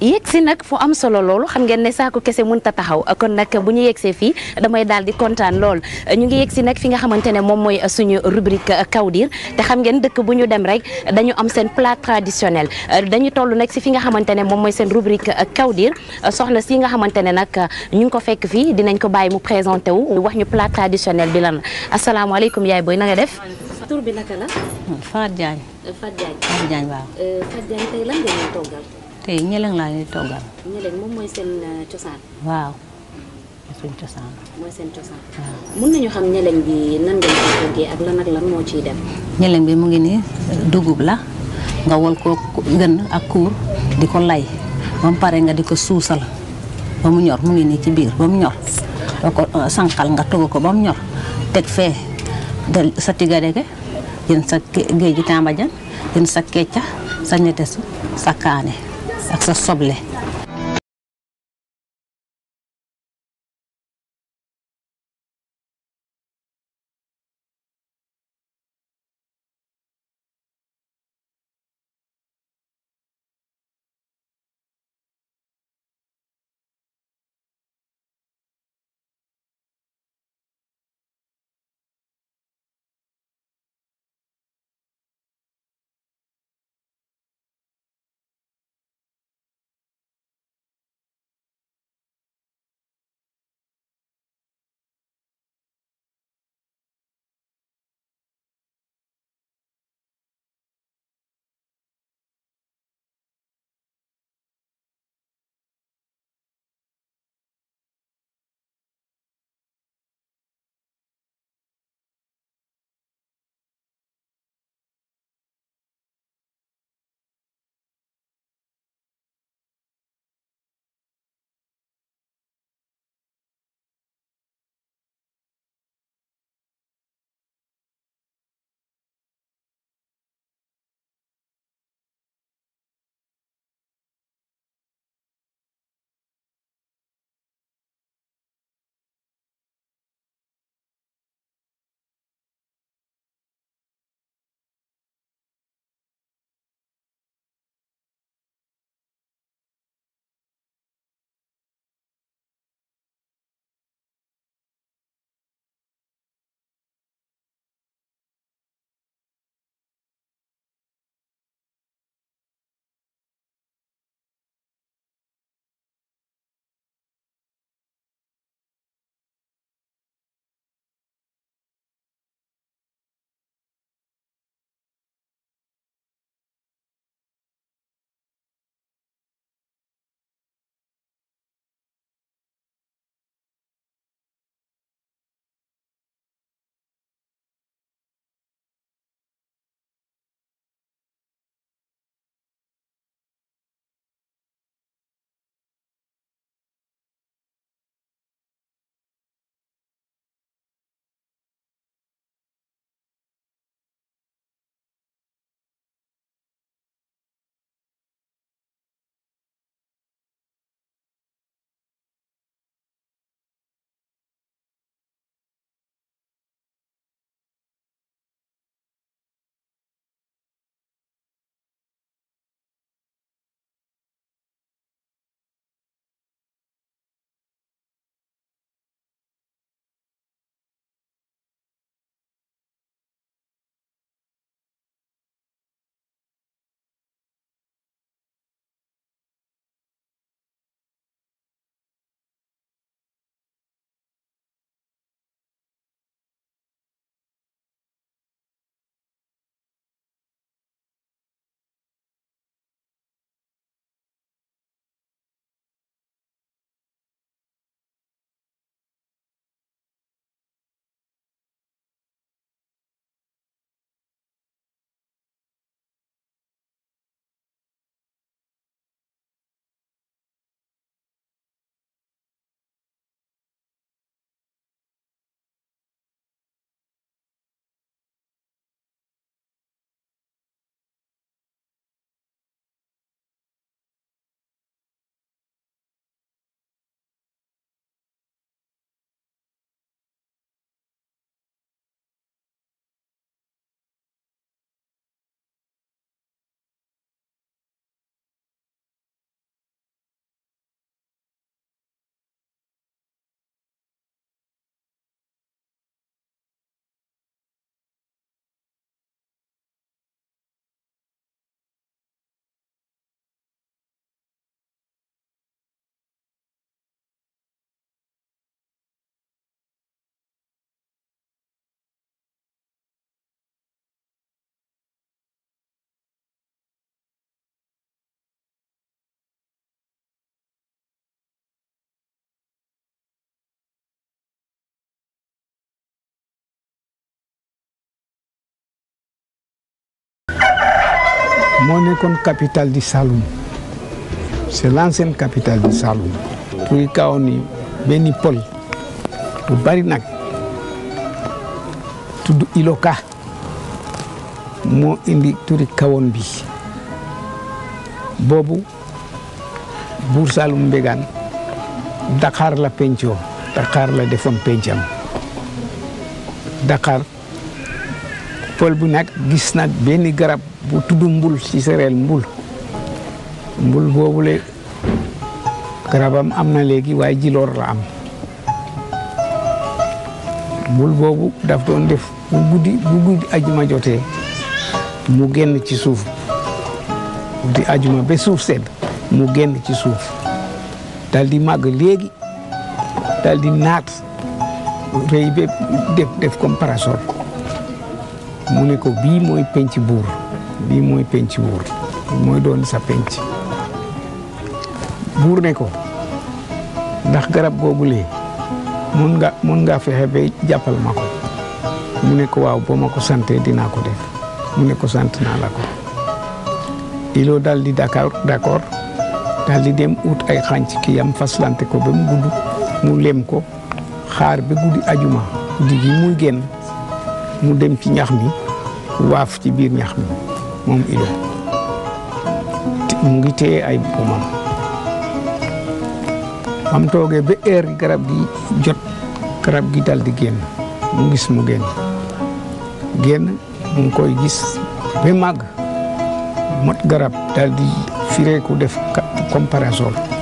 yéeg si nag fu am solo loolu xam ngeen ne saako kese mënut a taxaw kon nag bu ñu yegg see fii damay daal di kontaan lool ñu ngi yegg si nag fi nga xamante ne moom mooy suñu rubrique euh, Kawdir te xam ngeen dëkk bu ñu dem rek dañu am seen plat traditionnel euh, dañu toll nag si fi nga xamante ne moom mooy seen rubrique euh, Kawdir soxna si nga xamante ne nag ñu ngi ko fekk fii dinañ ko bàyyi mu présenté wu wax ñu plat traditionnel bi lan la asalaamaaleykum yaay booy na def. bi naka la. Fatou Diagne. waaw. tey ñeleng laa leen toggal. moom euh, mooy seen cosaan. waaw suñ cosaan. mun nañu xam ñeleng bi nan ngeen ko toggee ak lan ak lan moo ciy dem. ñeleng bi mu ngi nii dugub la nga wol ko gën ak kuur di ko lay ba mu pare nga di ko suusal ba mu ñor mu ngi nii ci biir ba mu ñor doo ko euh, sànqal nga togg ko ba mu ñor teg fee del sa tigadege jën sa géej tàmbajan jën sa kecca sa ñetesu sa kaane. ak sa soble moo nekkoon capitale du Saloum c'est l'ancienne capitale du Saloum turi kaw ni benn pël bu bari nag tudd Iloka moo indi turi kawoon bi boobu buur Saloum Mbégaan daqaar la pencoo Dakar la defoon pencam Dakar pël bi nag gis na benn garab bu tudd mbul ci sereel mbul mbul boobule garabam am na léegi waaye jiloor la am mbul boobu daf doon def bu guddi ajuma jotee mu génn ci suuf di ajuma ba suuf sedd mu génn ci suuf dal di màgg léegi dal di naat rëy ba def def mu ne ko bii mooy penc buur lii mooy penc buur mooy doon sa penc buur ne ko ndax garab googulee mun nga fexe ba jàppal ma ko mu ne ko waaw boo ma ko santee dinaa ko def mu ne ko sant naa la ko iloo daal di Dakar d'accord daal di dem ut ay xànc ki yam faslante ko ba mu gudd mu lem ko xaar ba guddi ajuma guddi gi muy génn mu dem ci ñax mi waaf ci biir ñax mi moom Ido mu ngi téye ay buumam am toogee ba heure garab gi jot garab gi dal di génn mu gis mu génn génn mu ngi koy gis ba màgg mot garab dal di fireeku def comparaison